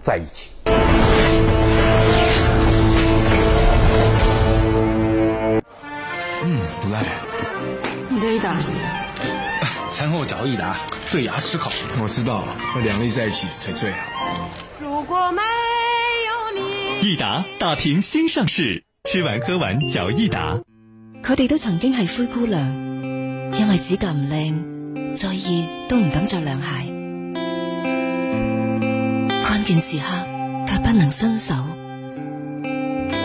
在一起。嗯，不賴你的益達。餐後嚼益達，對牙齒好。我知道，我兩個人在一起才最好。如果沒有你，益達大瓶新上市，吃完喝完嚼益達。佢哋都曾經係灰姑娘，因為指甲唔靚，再熱都唔敢着涼鞋。關鍵時刻卻不能伸手。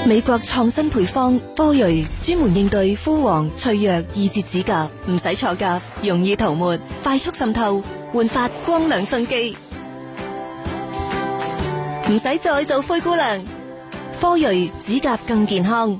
美國創新配方科瑞專門應對枯黃脆弱易折指甲，唔使錯甲，容易塗抹，快速滲透，煥發光亮生機，唔使再做灰姑娘。科瑞指甲更健康。